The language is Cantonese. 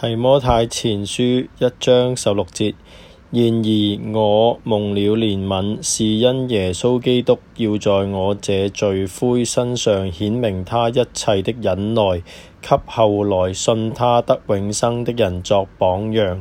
提摩太前書一章十六節，然而我蒙了憐憫，是因耶穌基督要在我這罪魁身上顯明他一切的忍耐，給後來信他得永生的人作榜樣。